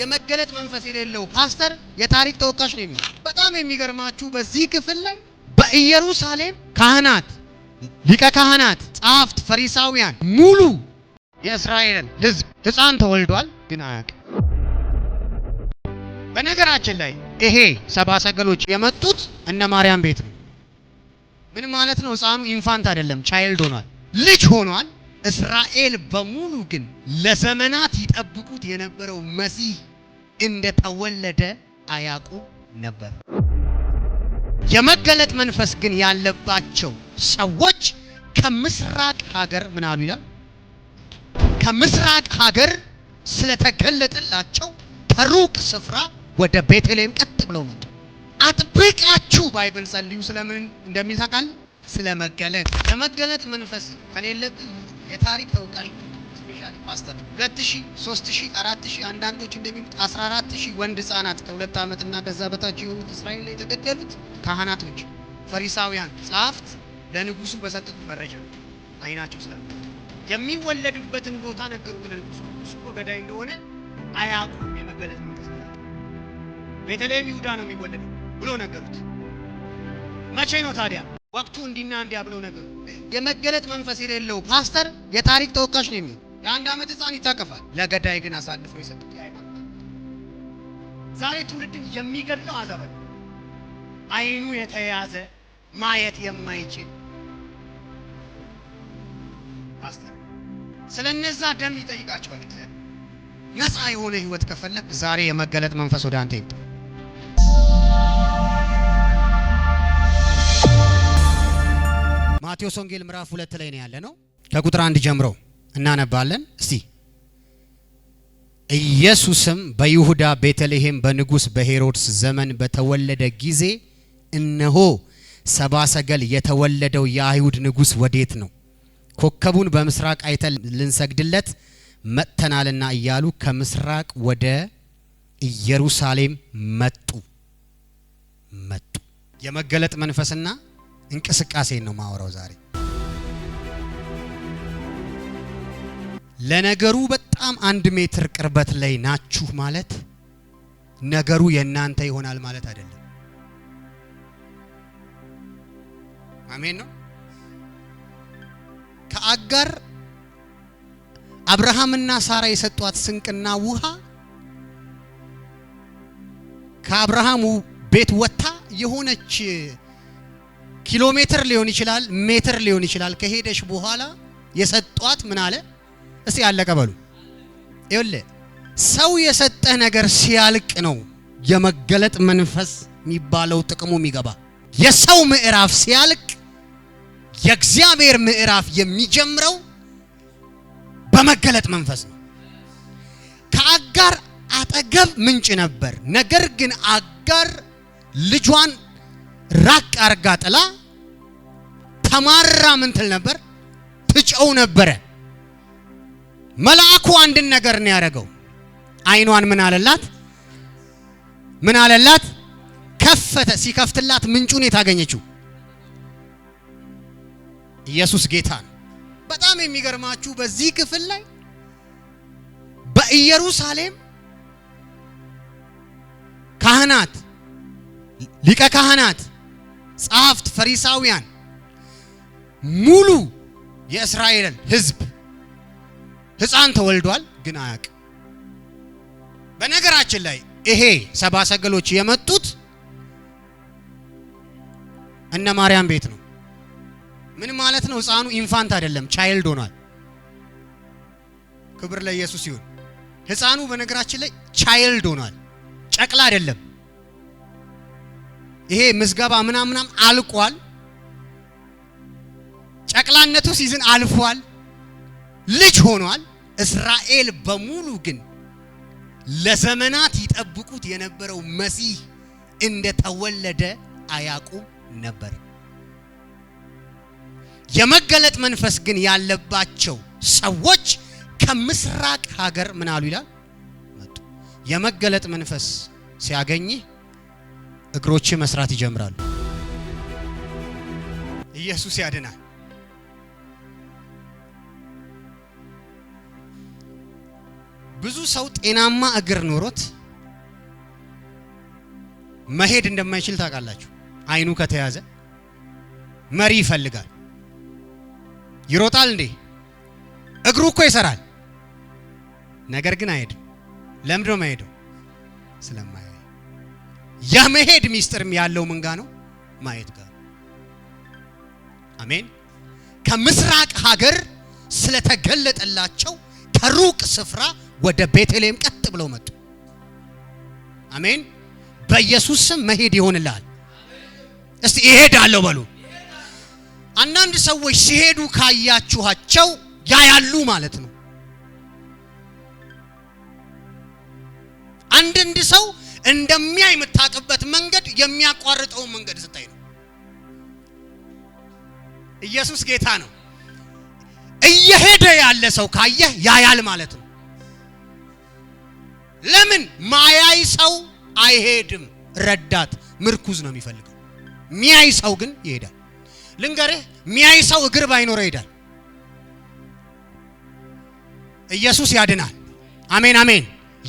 የመገለጥ መንፈስ የሌለው ፓስተር የታሪክ ተወቃሽ ነው የሚሆን። በጣም የሚገርማችሁ በዚህ ክፍል ላይ በኢየሩሳሌም ካህናት፣ ሊቀ ካህናት፣ ጻፍት፣ ፈሪሳውያን ሙሉ የእስራኤልን ሕዝብ ሕፃን ተወልዷል ግን አያውቅም። በነገራችን ላይ ይሄ ሰባ ሰገሎች የመጡት እነ ማርያም ቤት ነው። ምን ማለት ነው? ሕፃኑ ኢንፋንት አይደለም፣ ቻይልድ ሆኗል፣ ልጅ ሆኗል። እስራኤል በሙሉ ግን ለዘመናት ይጠብቁት የነበረው መሲህ እንደተወለደ አያውቁ ነበር። የመገለጥ መንፈስ ግን ያለባቸው ሰዎች ከምስራቅ ሀገር ምን አሉ ይላል? ከምስራቅ ሀገር ስለተገለጠላቸው ከሩቅ ስፍራ ወደ ቤተልሔም ቀጥ ብለው መጡ። አጥብቃችሁ ባይብል ጸልዩ። ስለምን እንደሚሳካል ስለመገለጥ። የመገለጥ መንፈስ ከሌለብህ የታሪክ ተወቃሽ ስፔሻሊ ማስተር ሁለት ሺ ሶስት ሺ አራት ሺ አንዳንዶች እንደሚሉት አስራ አራት ሺ ወንድ ህጻናት ከሁለት እና ከዛ በታች የሆኑት እስራኤል ላይ የተገደሉት ካህናቶች፣ ፈሪሳውያን፣ ጸሐፍት ለንጉሱ በሰጡት መረጃ አይናቸው ስለ የሚወለዱበትን ቦታ ነገሩ ብለን ንጉሱ ገዳይ እንደሆነ አያውቁም። የመገለጥ መንግስት ቤተልሔም ይሁዳ ነው የሚወለደው ብሎ ነገሩት። መቼ ነው ታዲያ ወቅቱ እንዲና እንዲያ ብለው ነገር የመገለጥ መንፈስ የሌለው ፓስተር የታሪክ ተወቃሽ ነው የሚሆን። የአንድ ዓመት ህፃን ይታቀፋል፣ ለገዳይ ግን አሳልፎ ይሰጥ። ዛሬ ትውልድን የሚገድለው አዘበ አይኑ የተያዘ ማየት የማይችል ፓስተር ስለ እነዛ ደም ይጠይቃቸዋል። ነፃ የሆነ ህይወት ከፈለግ ዛሬ የመገለጥ መንፈስ ወደ አንተ ይምጣ። ማቴዎስ ወንጌል ምዕራፍ ሁለት ላይ ነው ያለ ነው። ከቁጥር አንድ ጀምሮ እናነባለን። እስቲ ኢየሱስም በይሁዳ ቤተልሔም በንጉሥ በሄሮድስ ዘመን በተወለደ ጊዜ እነሆ ሰባ ሰገል የተወለደው የአይሁድ ንጉሥ ወዴት ነው? ኮከቡን በምስራቅ አይተን ልንሰግድለት መጥተናልና እያሉ ከምስራቅ ወደ ኢየሩሳሌም መጡ መጡ የመገለጥ መንፈስና እንቅስቃሴን ነው ማወራው ዛሬ። ለነገሩ በጣም አንድ ሜትር ቅርበት ላይ ናችሁ ማለት ነገሩ የእናንተ ይሆናል ማለት አይደለም። አሜን ነው። ከአጋር አብርሃምና ሳራ የሰጧት ስንቅና ውሃ ከአብርሃሙ ቤት ወጥታ የሆነች ኪሎ ሜትር ሊሆን ይችላል፣ ሜትር ሊሆን ይችላል። ከሄደሽ በኋላ የሰጧት ምን አለ እስቲ ያለቀ በሉ። ይኸውልህ ሰው የሰጠህ ነገር ሲያልቅ ነው የመገለጥ መንፈስ የሚባለው ጥቅሙ የሚገባ። የሰው ምዕራፍ ሲያልቅ የእግዚአብሔር ምዕራፍ የሚጀምረው በመገለጥ መንፈስ ነው። ከአጋር አጠገብ ምንጭ ነበር። ነገር ግን አጋር ልጇን ራቅ አርጋ ጥላ ተማራ ምንትል ነበር? ትጨው ነበረ። መልአኩ አንድን ነገር ነው ያደረገው። አይኗን ምን አለላት? ምን አለላት? ከፈተ። ሲከፍትላት ምንጩን የታገኘችው ኢየሱስ ጌታ ነው። በጣም የሚገርማችሁ በዚህ ክፍል ላይ በኢየሩሳሌም ካህናት ሊቀ ካህናት ጸሐፍት ፈሪሳውያን ሙሉ የእስራኤልን ህዝብ ህፃን ተወልዷል ግን አያቅ በነገራችን ላይ ይሄ ሰባ ሰገሎች የመጡት እነ ማርያም ቤት ነው። ምን ማለት ነው? ህፃኑ ኢንፋንት አይደለም፣ ቻይልድ ሆኗል። ክብር ለኢየሱስ ይሁን። ህፃኑ በነገራችን ላይ ቻይልድ ሆኗል፣ ጨቅላ አይደለም። ይሄ ምዝገባ ምናምናም አልቋል። ጨቅላነቱ ሲዝን አልፏል። ልጅ ሆኗል። እስራኤል በሙሉ ግን ለዘመናት ይጠብቁት የነበረው መሲህ እንደተወለደ አያውቁም ነበር። የመገለጥ መንፈስ ግን ያለባቸው ሰዎች ከምስራቅ ሀገር ምን አሉ ይላል መጡ። የመገለጥ መንፈስ ሲያገኝህ እግሮች መስራት ይጀምራሉ። ኢየሱስ ያድናል። ብዙ ሰው ጤናማ እግር ኖሮት መሄድ እንደማይችል ታውቃላችሁ። አይኑ ከተያዘ መሪ ይፈልጋል። ይሮጣል እንዴ? እግሩ እኮ ይሰራል፣ ነገር ግን አይሄድም። ለምዶ የማይሄደው? ስለማይ የመሄድ ሚስጥርም ያለው ምንጋ ነው ማየት ጋር አሜን። ከምስራቅ ሀገር ስለተገለጠላቸው ከሩቅ ስፍራ ወደ ቤተልሔም ቀጥ ብለው መጡ። አሜን። በኢየሱስ ስም መሄድ ይሆንልሃል። እስቲ ይሄዳለሁ በሉ። አንዳንድ ሰዎች ሲሄዱ ካያችኋቸው ያ ያሉ ማለት ነው። አንዳንድ ሰው እንደሚያይ የምታውቅበት መንገድ የሚያቋርጠውን መንገድ ስታይ ነው። ኢየሱስ ጌታ ነው። እየሄደ ያለ ሰው ካየህ ያያል ማለት ነው። ለምን ማያይ ሰው አይሄድም? ረዳት ምርኩዝ ነው የሚፈልገው። ሚያይ ሰው ግን ይሄዳል። ልንገርህ፣ ሚያይ ሰው እግር ባይኖረው ይሄዳል። ኢየሱስ ያድናል። አሜን አሜን።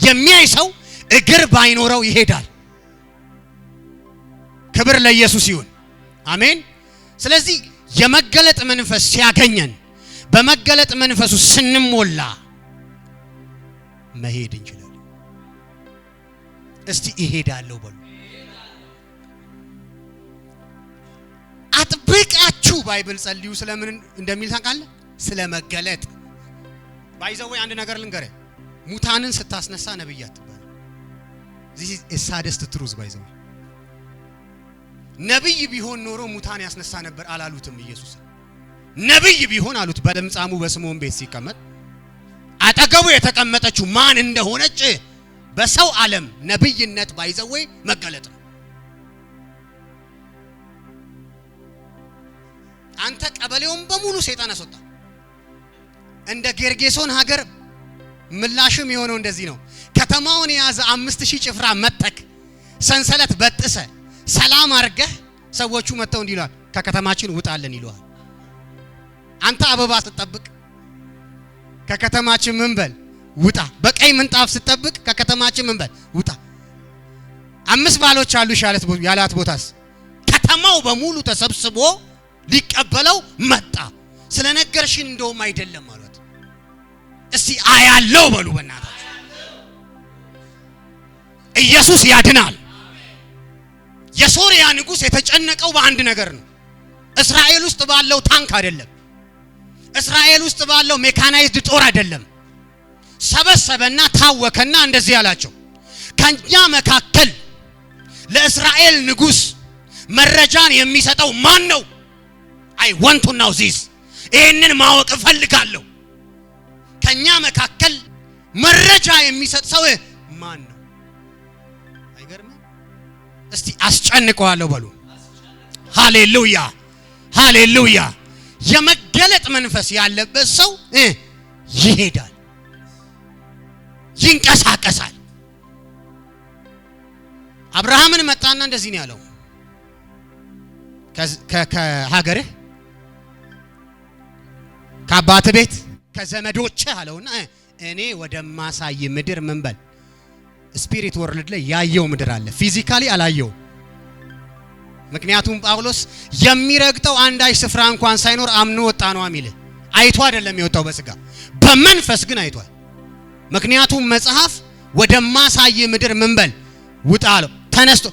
የሚያይ ሰው እግር ባይኖረው ይሄዳል። ክብር ለኢየሱስ ይሁን። አሜን። ስለዚህ የመገለጥ መንፈስ ሲያገኘን በመገለጥ መንፈሱ ስንሞላ መሄድ እንችላለን። እስቲ ይሄዳለሁ በሉ። አጥብቃችሁ ባይብል ጸልዩ። ስለምን እንደሚል ታውቃለህ? ስለ መገለጥ ወይ አንድ ነገር ልንገረ ሙታንን ስታስነሳ ነብያት ዚስ ኢዝ ሳደስት ትሩዝ ባይዘው ነብይ ቢሆን ኖሮ ሙታን ያስነሳ ነበር አላሉትም። ኢየሱስ ነብይ ቢሆን አሉት። በለምጻሙ በስምዖን ቤት ሲቀመጥ አጠገቡ የተቀመጠችው ማን እንደሆነች በሰው ዓለም ነብይነት ባይዘዌ መገለጥ ነው። አንተ ቀበሌውን በሙሉ ሰይጣን አስወጣ። እንደ ጌርጌሶን ሀገር ምላሽም የሆነው እንደዚህ ነው። ከተማውን የያዘ አምስት ሺህ ጭፍራ መጠክ ሰንሰለት በጥሰ ሰላም አድርገህ ሰዎቹ መጥተው እንዲ ከከተማችን ውጣለን ይሏል። አንተ አበባ ስትጠብቅ ከከተማችን ምንበል ውጣ። በቀይ ምንጣፍ ስትጠብቅ ከከተማችን ምንበል ውጣ። አምስት ባሎች አሉሽ ያላት ቦታስ ከተማው በሙሉ ተሰብስቦ ሊቀበለው መጣ። ስለነገርሽን እንደውም አይደለም አሏት። እስቲ አያለው በሉ በእናታ ኢየሱስ ያድናል። የሶሪያ ንጉሥ የተጨነቀው በአንድ ነገር ነው። እስራኤል ውስጥ ባለው ታንክ አይደለም። እስራኤል ውስጥ ባለው ሜካናይዝድ ጦር አይደለም። ሰበሰበና ታወከና እንደዚህ ያላቸው ከኛ መካከል ለእስራኤል ንጉሥ መረጃን የሚሰጠው ማን ነው? አይ ወንቱ ናው ዚስ ይህንን ማወቅ እፈልጋለሁ። ከኛ መካከል መረጃ የሚሰጥ ሰው ማን ነው? እስቲ አስጨንቀዋለሁ በሉ። ሃሌሉያ ሃሌሉያ። የመገለጥ መንፈስ ያለበት ሰው ይሄዳል፣ ይንቀሳቀሳል። አብርሃምን መጣና እንደዚህ ነው ያለው፣ ከሀገርህ ከአባት ቤት ከዘመዶች አለውና እኔ ወደ ማሳይ ምድር ምን በል ስፒሪት ወርልድ ላይ ያየው ምድር አለ፣ ፊዚካሊ አላየው። ምክንያቱም ጳውሎስ የሚረግጠው አንዳች ስፍራ እንኳን ሳይኖር አምኖ ወጣ ነው የሚል አይቶ አይደለም የወጣው በስጋ በመንፈስ ግን አይቷል። ምክንያቱም መጽሐፍ ወደማሳይ ምድር ምንበል ውጣ አለው። ተነስቶ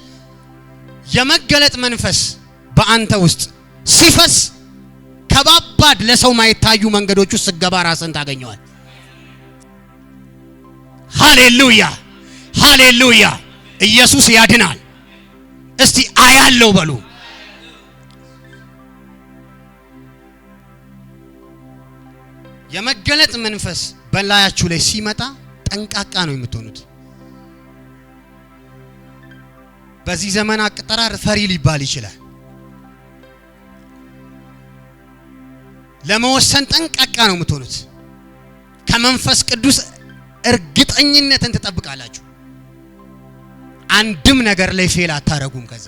የመገለጥ መንፈስ በአንተ ውስጥ ሲፈስ ከባባድ ለሰው ማይታዩ መንገዶች ውስጥ ስገባ ራስን ታገኘዋል። ሃሌሉያ ሃሌሉያ! ኢየሱስ ያድናል። እስቲ አያለው በሉ። የመገለጥ መንፈስ በላያችሁ ላይ ሲመጣ ጠንቃቃ ነው የምትሆኑት። በዚህ ዘመን አቀጠራር ፈሪ ሊባል ይችላል። ለመወሰን ጠንቃቃ ነው የምትሆኑት። ከመንፈስ ቅዱስ እርግጠኝነትን ትጠብቃላችሁ። አንድም ነገር ላይ ፌል አታረጉም። ከዛ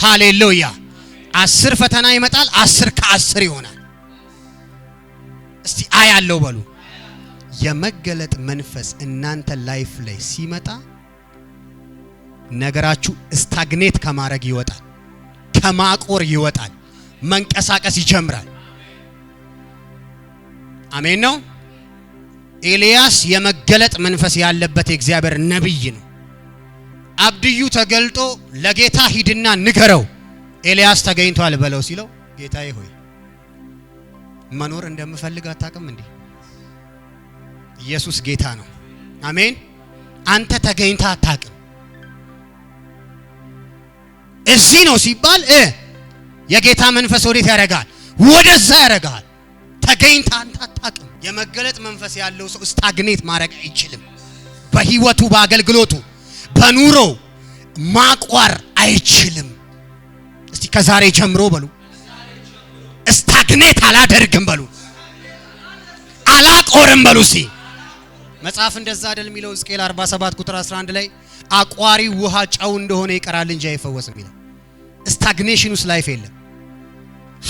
ሃሌሉያ አስር ፈተና ይመጣል። አስር ከአስር ይሆናል። እስቲ አያለው በሉ። የመገለጥ መንፈስ እናንተ ላይፍ ላይ ሲመጣ ነገራችሁ ስታግኔት ከማድረግ ይወጣል፣ ከማቆር ይወጣል፣ መንቀሳቀስ ይጀምራል። አሜን ነው። ኤልያስ የመገለጥ መንፈስ ያለበት የእግዚአብሔር ነቢይ ነው። አብድዩ ተገልጦ ለጌታ ሂድና ንገረው ኤልያስ ተገኝቷል በለው ሲለው ጌታዬ ሆይ መኖር እንደምፈልግ አታውቅም እንዴ? ኢየሱስ ጌታ ነው። አሜን። አንተ ተገኝታ አታውቅም። እዚህ ነው ሲባል እ የጌታ መንፈስ ወዴት ያደርጋል? ወደዛ ያደርጋል። ተገኝታ አንተ አታውቅም። የመገለጥ መንፈስ ያለው ሰው ስታግኔት ማድረግ አይችልም በህይወቱ በአገልግሎቱ በኑሮ ማቋር አይችልም። እስቲ ከዛሬ ጀምሮ በሉ ስታግኔት አላደርግም በሉ አላቆርም በሉ ሲ መጽሐፍ እንደዛ አይደል የሚለው ሕዝቅኤል 47 ቁጥር 11 ላይ አቋሪ ውሃ ጨው እንደሆነ ይቀራል እንጂ አይፈወስም ይላል። ስታግኔሽን ውስጥ ላይፍ የለም።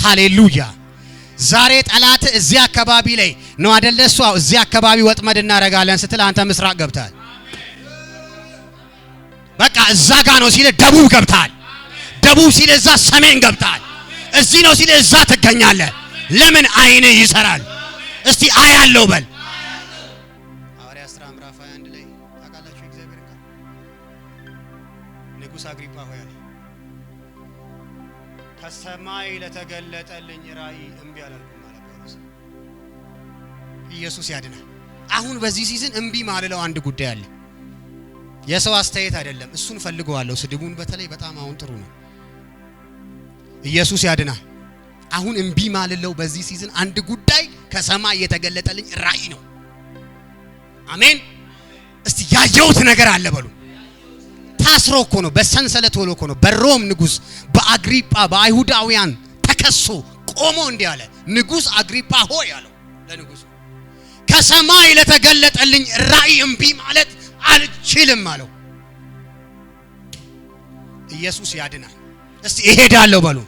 ሃሌሉያ ዛሬ ጠላት እዚህ አካባቢ ላይ ነው አደለ? እሷ እዚህ አካባቢ ወጥመድ እናደርጋለን ስትል አንተ ምስራቅ ገብታል። በቃ እዛ ጋ ነው ሲል ደቡብ ገብታል። ደቡብ ሲል እዛ ሰሜን ገብታል። እዚህ ነው ሲል እዛ ትገኛለህ። ለምን አይን ይሰራል። እስቲ አያለው በል ሐዋርያት ሥራ ምዕራፍ 21 ላይ ታውቃላችሁ፣ እግዚአብሔር ቃል ንጉሥ አግሪጳ ሆይ አለ ከሰማይ ለተገለጠልኝ ራእይ እምቢ አላልኩም አለ ጳውሎስ። ኢየሱስ ያድናል። አሁን በዚህ ሲዝን እምቢ ማለለው አንድ ጉዳይ አለ። የሰው አስተያየት አይደለም። እሱን ፈልገዋለሁ። ስድቡን በተለይ በጣም አሁን ጥሩ ነው። ኢየሱስ ያድና። አሁን እምቢ ማልለው በዚህ ሲዝን አንድ ጉዳይ ከሰማይ የተገለጠልኝ ራእይ ነው። አሜን። እስቲ ያየሁት ነገር አለ በሉ። ታስሮ እኮ ነው፣ በሰንሰለት ሆኖ እኮ ነው። በሮም ንጉስ፣ በአግሪጳ በአይሁዳውያን ተከሶ ቆሞ እንዲህ አለ። ንጉሥ አግሪጳ ሆይ አለው ለንጉሱ ከሰማይ ለተገለጠልኝ ራእይ እምቢ ማለት አልችልም አለው። ኢየሱስ ያድናል። እስቲ እሄዳለሁ በሉ።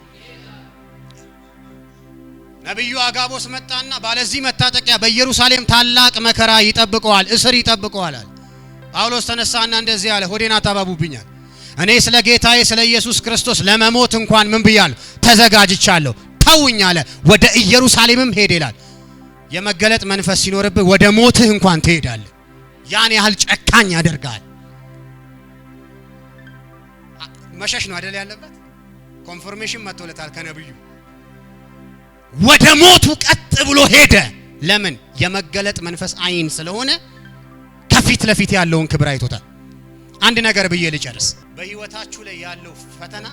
ነቢዩ አጋቦስ መጣና ባለዚህ መታጠቂያ በኢየሩሳሌም ታላቅ መከራ ይጠብቀዋል፣ እስር ይጠብቀዋል አለ። ጳውሎስ ተነሳና እንደዚህ አለ፣ ሆዴን አታባቡብኛል። እኔ ስለ ጌታዬ ስለ ኢየሱስ ክርስቶስ ለመሞት እንኳን ምን ብያለሁ? ተዘጋጅቻለሁ። ተውኝ አለ። ወደ ኢየሩሳሌምም ሄድ ይላል። የመገለጥ መንፈስ ሲኖርብህ ወደ ሞትህ እንኳን ትሄዳለህ። ያን ያህል ጨካኝ ያደርጋል። መሸሽ ነው አይደል ያለበት። ኮንፎርሜሽን መጥቶለታል ከነብዩ ወደ ሞቱ ቀጥ ብሎ ሄደ። ለምን? የመገለጥ መንፈስ አይን ስለሆነ ከፊት ለፊት ያለውን ክብር አይቶታል። አንድ ነገር ብዬ ልጨርስ። በህይወታችሁ ላይ ያለው ፈተና፣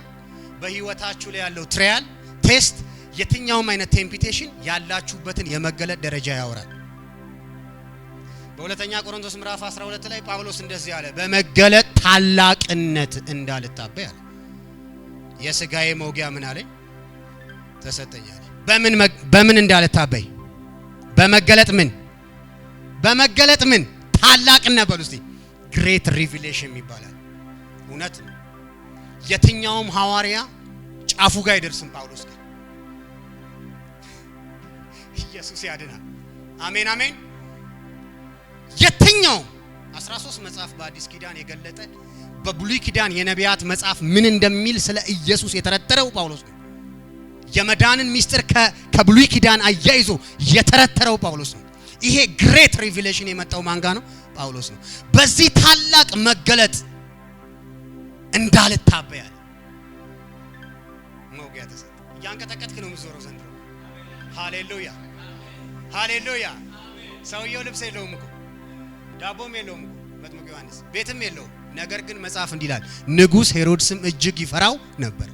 በህይወታችሁ ላይ ያለው ትሪያል ቴስት፣ የትኛውም አይነት ቴምፒቴሽን ያላችሁበትን የመገለጥ ደረጃ ያወራል። በሁለተኛ ቆሮንቶስ ምዕራፍ 12 ላይ ጳውሎስ እንደዚህ አለ፣ በመገለጥ ታላቅነት እንዳልታበይ አለ። የስጋዬ መውጊያ ምን አለኝ ተሰጠኝ በምን በምን እንዳልታበይ በመገለጥ ምን በመገለጥ ምን ታላቅነት በሉ እስቲ ግሬት ሪቪሌሽን ይባላል። እውነት የትኛውም ሐዋርያ ጫፉ ጋር አይደርስም። ጳውሎስ ጋር ኢየሱስ ያድናል። አሜን አሜን። የትኛው 13 መጽሐፍ በአዲስ ኪዳን የገለጠ በብሉይ ኪዳን የነቢያት መጽሐፍ ምን እንደሚል ስለ ኢየሱስ የተረተረው ጳውሎስ ነው። የመዳንን ሚስጥር ከብሉይ ኪዳን አያይዞ የተረተረው ጳውሎስ ነው። ይሄ ግሬት ሪቪሌሽን የመጣው ማንጋ ነው? ጳውሎስ ነው። በዚህ ታላቅ መገለጥ እንዳልታበያል መውጊያ ተሰጠ። እያንቀጠቀጥክ ነው የምዞረው ዘንድሮ። ሃሌሉያ ሃሌሉያ። ሰውየው ልብስ የለውም እኮ ዳቦም የለውም መጥምቁ ዮሐንስ ቤትም የለውም። ነገር ግን መጽሐፍ እንዲላል ንጉሥ ሄሮድስም እጅግ ይፈራው ነበር።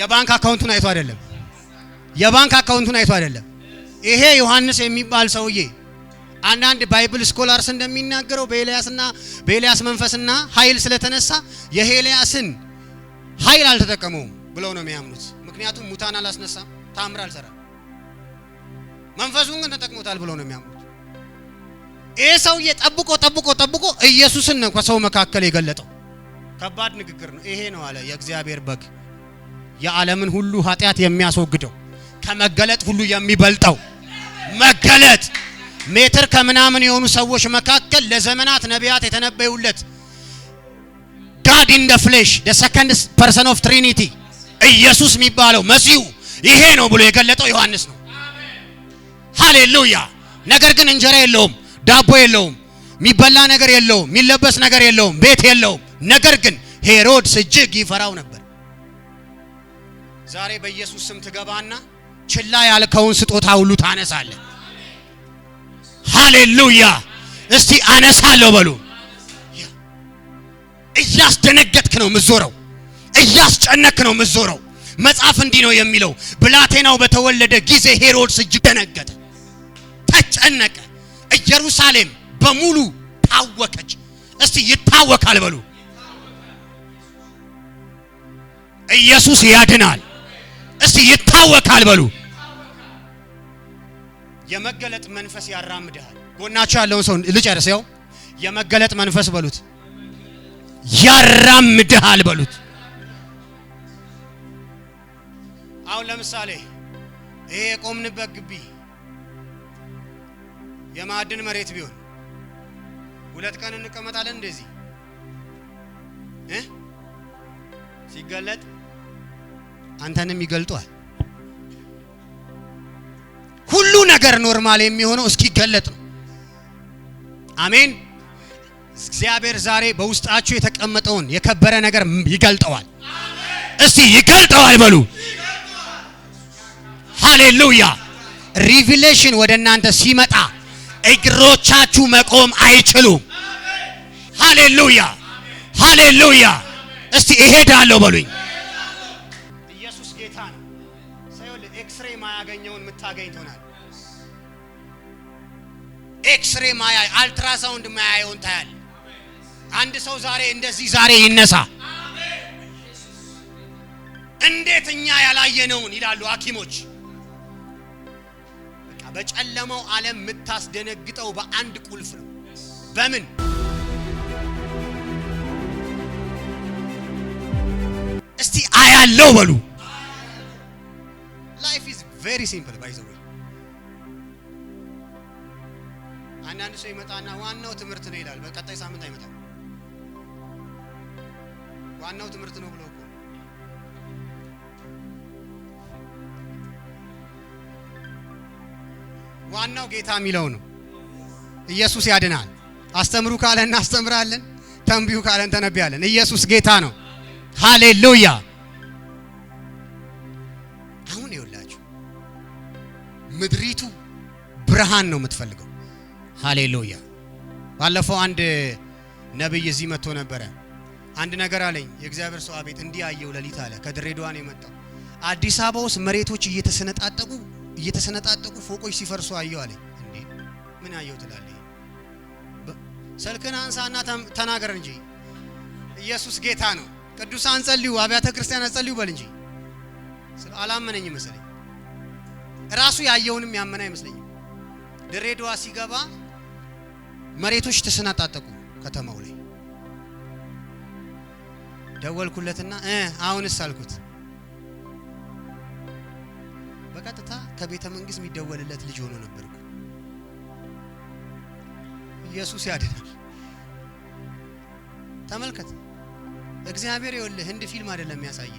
የባንክ አካውንቱን አይቶ አይደለም፣ የባንክ አካውንቱን አይቶ አይደለም። ይሄ ዮሐንስ የሚባል ሰውዬ አንዳንድ ባይብል ስኮላርስ እንደሚናገረው በኤልያስና በኤልያስ መንፈስና ኃይል ስለተነሳ የኤልያስን ኃይል አልተጠቀመውም ብለው ነው የሚያምኑት። ምክንያቱም ሙታን አላስነሳም፣ ታምር አልሰራም። መንፈሱን ግን ተጠቅሞታል ብለው ነው የሚያምኑት። ይህ ሰውዬ ጠብቆ ጠብቆ ጠብቆ ኢየሱስን ነው ከሰው መካከል የገለጠው። ከባድ ንግግር ነው። ይሄ ነው አለ የእግዚአብሔር በግ የዓለምን ሁሉ ኃጢአት የሚያስወግደው ከመገለጥ ሁሉ የሚበልጠው መገለጥ ሜትር ከምናምን የሆኑ ሰዎች መካከል ለዘመናት ነቢያት የተነበዩለት ጋድ ኢን ደ ፍሌሽ ደ ሰከንድ ፐርሰን ኦፍ ትሪኒቲ ኢየሱስ የሚባለው መሲሁ ይሄ ነው ብሎ የገለጠው ዮሐንስ ነው። ሃሌሉያ! ነገር ግን እንጀራ የለውም። ዳቦ የለውም፣ የሚበላ ነገር የለውም፣ የሚለበስ ነገር የለውም፣ ቤት የለውም። ነገር ግን ሄሮድስ እጅግ ይፈራው ነበር። ዛሬ በኢየሱስ ስም ትገባና ችላ ያልከውን ስጦታ ሁሉ ታነሳለህ። ሃሌሉያ! እስቲ አነሳለሁ በሉ። እያስደነገጥክ ነው የምትዞረው፣ እያስጨነክ ነው ምዞረው። መጽሐፍ እንዲህ ነው የሚለው፣ ብላቴናው በተወለደ ጊዜ ሄሮድስ እጅግ ደነገጠ፣ ተጨነቀ። ኢየሩሳሌም በሙሉ ታወከች። እስቲ ይታወካል በሉ። ኢየሱስ ያድናል። እስቲ ይታወካል በሉ። የመገለጥ መንፈስ ያራምድሃል። ጎናቸው ያለውን ሰው ልጨርስ። ያው የመገለጥ መንፈስ በሉት ያራምድሃል በሉት። አሁን ለምሳሌ ይሄ የቆምንበት ግቢ የማዕድን መሬት ቢሆን ሁለት ቀን እንቀመጣለን። እንደዚህ ሲገለጥ አንተንም ይገልጧል። ሁሉ ነገር ኖርማል የሚሆነው እስኪገለጥ ነው። አሜን። እግዚአብሔር ዛሬ በውስጣችሁ የተቀመጠውን የከበረ ነገር ይገልጠዋል። እስቲ ይገልጠዋል በሉ። ሃሌሉያ። ሪቪሌሽን ወደ እናንተ ሲመጣ እግሮቻችሁ መቆም አይችሉም። ሃሌሉያ ሃሌሉያ። እስቲ እሄዳለሁ በሉኝ። ኢየሱስ ጌታ ነው። ሳይሆን ኤክስሬ ማያገኘውን የምታገኝ ትሆናል። ኤክስሬ ማያ አልትራሳውንድ ማያየውን ታያል። አንድ ሰው ዛሬ እንደዚህ ዛሬ ይነሳ። እንዴት እኛ ያላየነውን ይላሉ ሐኪሞች በጨለማው ዓለም የምታስደነግጠው በአንድ ቁልፍ ነው። በምን እስቲ አያለው በሉ። ላይፍ ኢዝ ቬሪ ሲምፕል ባይ ዘ ወይ። አንዳንድ ሰው ይመጣና ዋናው ትምህርት ነው ይላል። በቀጣይ ሳምንት አይመጣም። ዋናው ትምህርት ነው ብሎ ዋናው ጌታ የሚለው ነው። ኢየሱስ ያድናል። አስተምሩ ካለ እናስተምራለን፣ ተንብዩ ካለ እንተነብያለን። ኢየሱስ ጌታ ነው። ሃሌሉያ። አሁን ይውላችሁ ምድሪቱ ብርሃን ነው የምትፈልገው። ሃሌሉያ። ባለፈው አንድ ነብይ እዚህ መጥቶ ነበረ። አንድ ነገር አለኝ። የእግዚአብሔር ሰው አቤት እንዲህ አየው ሌሊት አለ። ከድሬዳዋ ነው የመጣው። አዲስ አበባ ውስጥ መሬቶች እየተሰነጣጠቁ እየተሰነጣጠቁ ፎቆች ሲፈርሱ አየሁ አለኝ። እንዴ ምን አየሁ ትላለህ? ስልክን አንሳና ተናገር እንጂ ኢየሱስ ጌታ ነው። ቅዱሳን ጸልዩ፣ አብያተ ክርስቲያናት ጸልዩ በል እንጂ አላመነኝ መሰለኝ። ራሱ ያየውንም ያመነ አይመስለኝም። ድሬዳዋ ሲገባ መሬቶች ተሰናጣጠቁ ከተማው ላይ። ደወልኩለትና አሁንስ አልኩት ቀጥታ ከቤተ መንግስት የሚደወልለት ልጅ ሆኖ ነበርኩ። ኢየሱስ ያድናል። ተመልከት፣ እግዚአብሔር ይወልህ ህንድ ፊልም አይደለም የሚያሳየ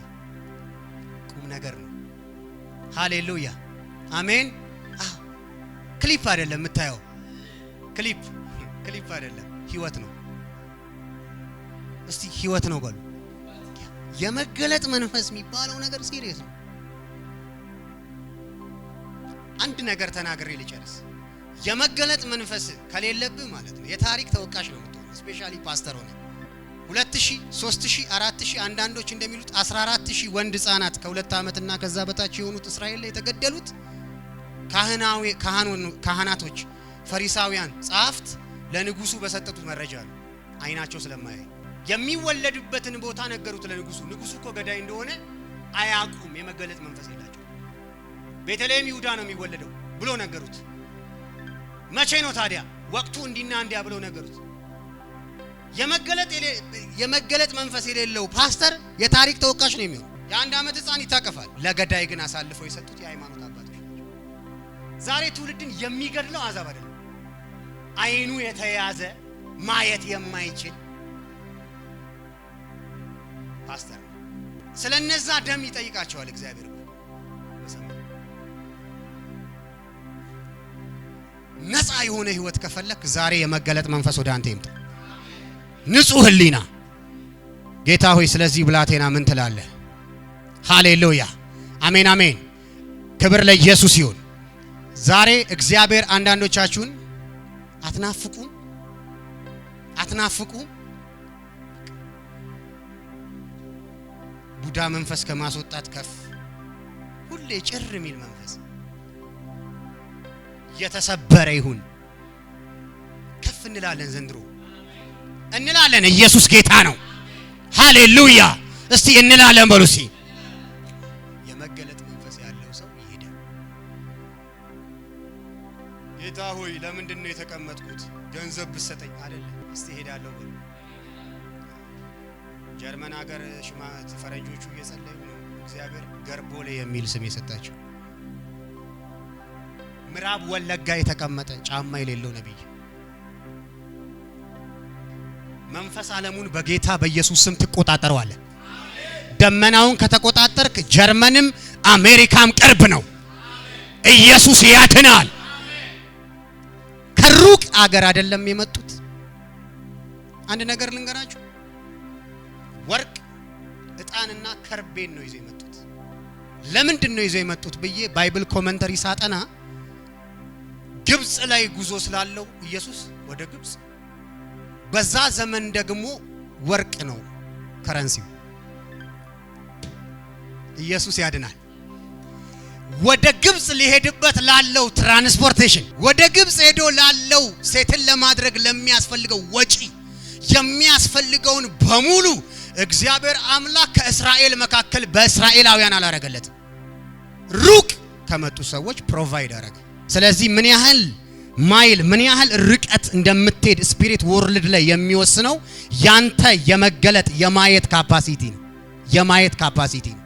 ቁም ነገር ነው። ሃሌሉያ አሜን። ክሊፕ አይደለም የምታየው፣ ክሊፕ ክሊፕ አይደለም፣ ህይወት ነው። እስቲ ህይወት ነው በሉ። የመገለጥ መንፈስ የሚባለው ነገር ሲሪየስ ነው። አንድ ነገር ተናግሬ ልጨርስ። የመገለጥ መንፈስ ከሌለብህ ማለት ነው የታሪክ ተወቃሽ ነው የምትሆነው። ስፔሻሊ ፓስተር ሆነ 2000፣ 3000፣ 4000 አንዳንዶች እንደሚሉት 14000 ወንድ ህጻናት ከሁለት እና ከዛ በታች የሆኑት እስራኤል ላይ የተገደሉት ካህናዊ ካህናቶች፣ ፈሪሳውያን፣ ጸሐፍት ለንጉሱ በሰጠቱት መረጃ ነው። አይናቸው ስለማያይ የሚወለዱበትን ቦታ ነገሩት ለንጉሱ። ንጉሱ እኮ ገዳይ እንደሆነ አያውቁም። የመገለጥ መንፈስ የላቸው። ቤተልሔም ይሁዳ ነው የሚወለደው ብሎ ነገሩት። መቼ ነው ታዲያ ወቅቱ? እንዲና እንዲያ ብለው ነገሩት። የመገለጥ መንፈስ የሌለው ፓስተር የታሪክ ተወቃሽ ነው የሚሆን። የአንድ ዓመት ሕፃን ይታቀፋል። ለገዳይ ግን አሳልፈው የሰጡት የሃይማኖት አባቶች ዛሬ ትውልድን የሚገድለው አዛብ አይደለም፣ አይኑ የተያዘ ማየት የማይችል ፓስተር። ስለነዛ ደም ይጠይቃቸዋል እግዚአብሔር ነፃ የሆነ ህይወት ከፈለክ ዛሬ የመገለጥ መንፈስ ወደ አንተ ይምጣ። ንጹህ ህሊና ጌታ ሆይ፣ ስለዚህ ብላቴና ምን ትላለህ? ሃሌሉያ፣ አሜን፣ አሜን። ክብር ለኢየሱስ ይሁን። ዛሬ እግዚአብሔር አንዳንዶቻችሁን አትናፍቁ አትናፍቁ ቡዳ መንፈስ ከማስወጣት ከፍ ሁሌ ጭር የሚል መንፈስ የተሰበረ ይሁን። ከፍ እንላለን፣ ዘንድሮ እንላለን። ኢየሱስ ጌታ ነው። ሃሌሉያ! እስቲ እንላለን በሉ እስቲ የመገለጥ መንፈስ ያለው ሰው ይሄዳል። ጌታ ሆይ ለምንድን ነው የተቀመጥኩት? ገንዘብ ብሰጠኝ አይደለም። እስቲ ሄዳለሁ በሉ ጀርመን ሀገር ሽማት ፈረንጆቹ እየጸለዩ ነው። እግዚአብሔር ገርቦሌ የሚል ስም የሰጣቸው ምዕራብ ወለጋ የተቀመጠ ጫማ የሌለው ነቢይ መንፈስ ዓለሙን በጌታ በኢየሱስ ስም ትቆጣጠረዋለ። ደመናውን ከተቆጣጠርክ ጀርመንም አሜሪካም ቅርብ ነው። ኢየሱስ ያድናል። ከሩቅ አገር አይደለም የመጡት። አንድ ነገር ልንገራችሁ፣ ወርቅ እጣንና ከርቤን ነው ይዘው የመጡት። ለምንድን ነው ይዘው የመጡት ብዬ ባይብል ኮመንተሪ ሳጠና ግብፅ ላይ ጉዞ ስላለው ኢየሱስ ወደ ግብፅ፣ በዛ ዘመን ደግሞ ወርቅ ነው ከረንሲው። ኢየሱስ ያድናል። ወደ ግብፅ ሊሄድበት ላለው ትራንስፖርቴሽን፣ ወደ ግብፅ ሄዶ ላለው ሴትን ለማድረግ ለሚያስፈልገው ወጪ የሚያስፈልገውን በሙሉ እግዚአብሔር አምላክ ከእስራኤል መካከል በእስራኤላውያን አላረገለትም። ሩቅ ከመጡ ሰዎች ፕሮቫይድ አረገ። ስለዚህ ምን ያህል ማይል ምን ያህል ርቀት እንደምትሄድ ስፒሪት ወርልድ ላይ የሚወስነው ያንተ የመገለጥ የማየት ካፓሲቲ ነው። የማየት ካፓሲቲ ነው።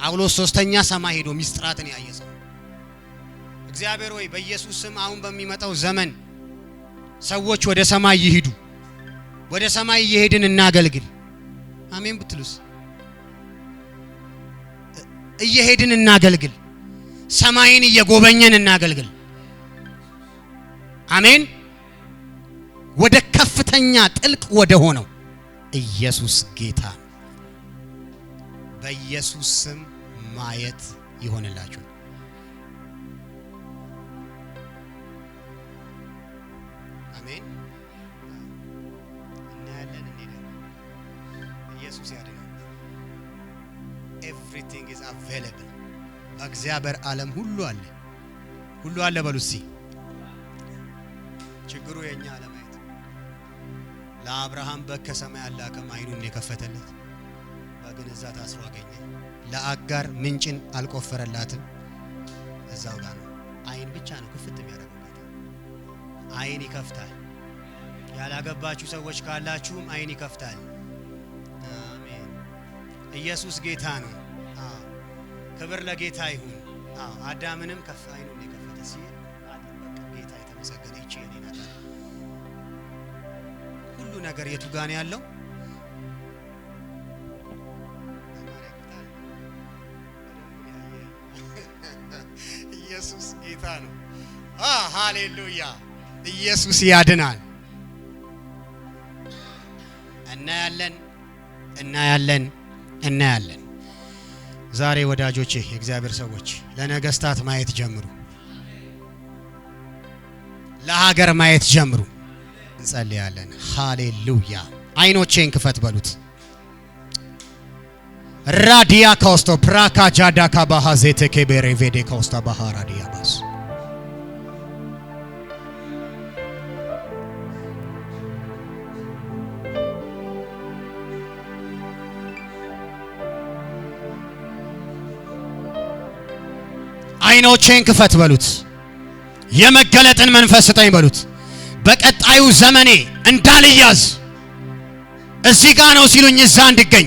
ጳውሎስ ሶስተኛ ሰማይ ሄዶ ሚስጥራትን ያየ ሰው። እግዚአብሔር ሆይ በኢየሱስ ስም አሁን በሚመጣው ዘመን ሰዎች ወደ ሰማይ ይሂዱ፣ ወደ ሰማይ እየሄድን እናገልግል። አሜን ብትሉስ እየሄድን እናገልግል ሰማይን እየጎበኘን እናገልግል። አሜን። ወደ ከፍተኛ ጥልቅ ወደ ሆነው ኢየሱስ ጌታ በኢየሱስ ስም ማየት ይሆንላችሁ። አሜን። እናያለን። ኢየሱስ ያድናል። ኤቭሪቲንግ ኢዝ አቬለብል በእግዚአብሔር ዓለም ሁሉ አለ፣ ሁሉ አለ በሉሲ ችግሩ የኛ አለማየት። ለአብርሃም በግ ከሰማይ አላከም፣ አይኑን የከፈተለት በግንዛ ታስሮ አገኘ። ለአጋር ምንጭን አልቆፈረላትም፣ እዛው ጋር ነው። አይን ብቻ ነው ክፍት የሚያደርግበት። አይን ይከፍታል። ያላገባችሁ ሰዎች ካላችሁም አይን ይከፍታል። አሜን። ኢየሱስ ጌታ ነው። ክብር ለጌታ ይሁን። አዳምንም ከፍ አይኑን የከፈተ ሲል ጌታ የተመሰገነ ይቺ የኔ ናት። ሁሉ ነገር የቱ ጋን ያለው ኢየሱስ ጌታ ነው። ሃሌሉያ! ኢየሱስ ያድናል። እናያለን፣ እናያለን፣ እናያለን። ዛሬ ወዳጆቼ የእግዚአብሔር ሰዎች ለነገስታት ማየት ጀምሩ፣ ለሀገር ማየት ጀምሩ። እንጸልያለን። ሃሌሉያ። አይኖቼን ክፈት በሉት። ራዲያ ካውስቶ ፕራካ ጃዳ ካባሃ ዜቴ ኬቤሬቬዴ ካውስታ ባሃ ራዲያ አይኖቼን ክፈት በሉት። የመገለጥን መንፈስ ስጠኝ በሉት። በቀጣዩ ዘመኔ እንዳልያዝ እዚህ ጋ ነው ሲሉኝ እዛ እንድገኝ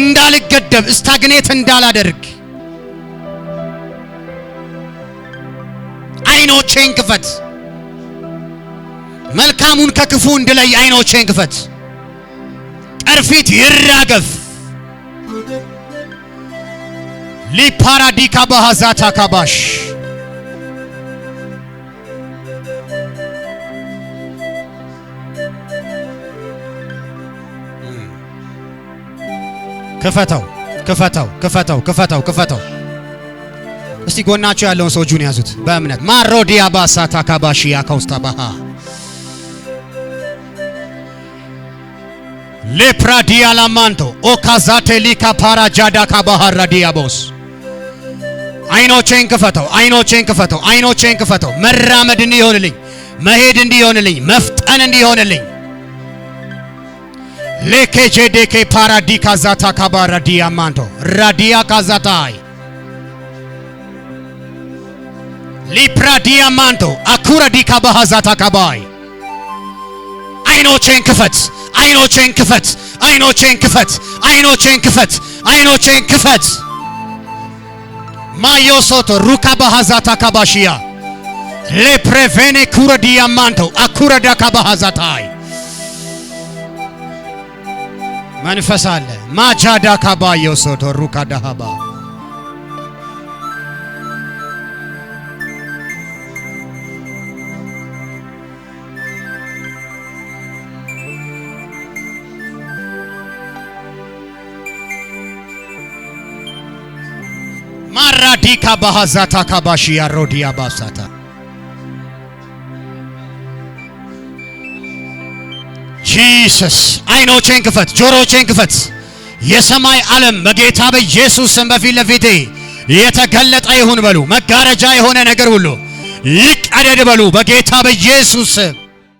እንዳልገደብ እስታግኔት እንዳላደርግ አይኖቼን ክፈት። መልካሙን ከክፉ እንድለይ አይኖቼን ክፈት። ቅርፊት ይራገፍ ሊፓራዲካ ባሃዛታ ካባሽ ክፈተው ክፈተው ክፈተው ክፈተው ክፈተው። እስቲ ጎናቸው ያለውን ሰው እጁን ያዙት በእምነት ማሮዲያ ባሳታ ካባሽ ያካውስታ ባሃ ሌፕራዲያ ላማንቶ ኦካዛቴሊካ ፓራጃዳ ካባሃ ራዲያ አይኖቼን ክፈተው፣ አይኖቼን ክፈተው፣ አይኖቼን ክፈተው። መራመድ እንዲሆንልኝ፣ መሄድ እንዲሆንልኝ፣ መፍጠን እንዲሆንልኝ ሌኬጄ ዴኬ ፓራዲ ካዛታ ካባ ራዲያ ማንቶ ራዲያ ካዛታይ ሊፕራዲያ ማንቶ አኩራዲ ካባ ካባይ አይኖቼን ክፈት፣ አይኖቼን ክፈት፣ አይኖቼን ክፈት፣ አይኖቼን ክፈት፣ አይኖቼን ክፈት ማዮሶቶ ሩካባሃዛ ታካባሽያ ሌፕሬቬኔ ኩረዲያማንቶ አኩረዳ ካባሃዛ ታይ መንፈስ አለ ማጃዳ ካባዮሶቶ ሩካዳሃባ አራዲካ ባሃዛታ ካባሺ ያሮዲያ ባሳታ ጂሰስ አይኖቼን ክፈት፣ ጆሮቼን ክፈት። የሰማይ ዓለም በጌታ በኢየሱስ ስም በፊት ለፊቴ የተገለጠ ይሁን በሉ። መጋረጃ የሆነ ነገር ሁሉ ይቀደድ በሉ በጌታ በኢየሱስ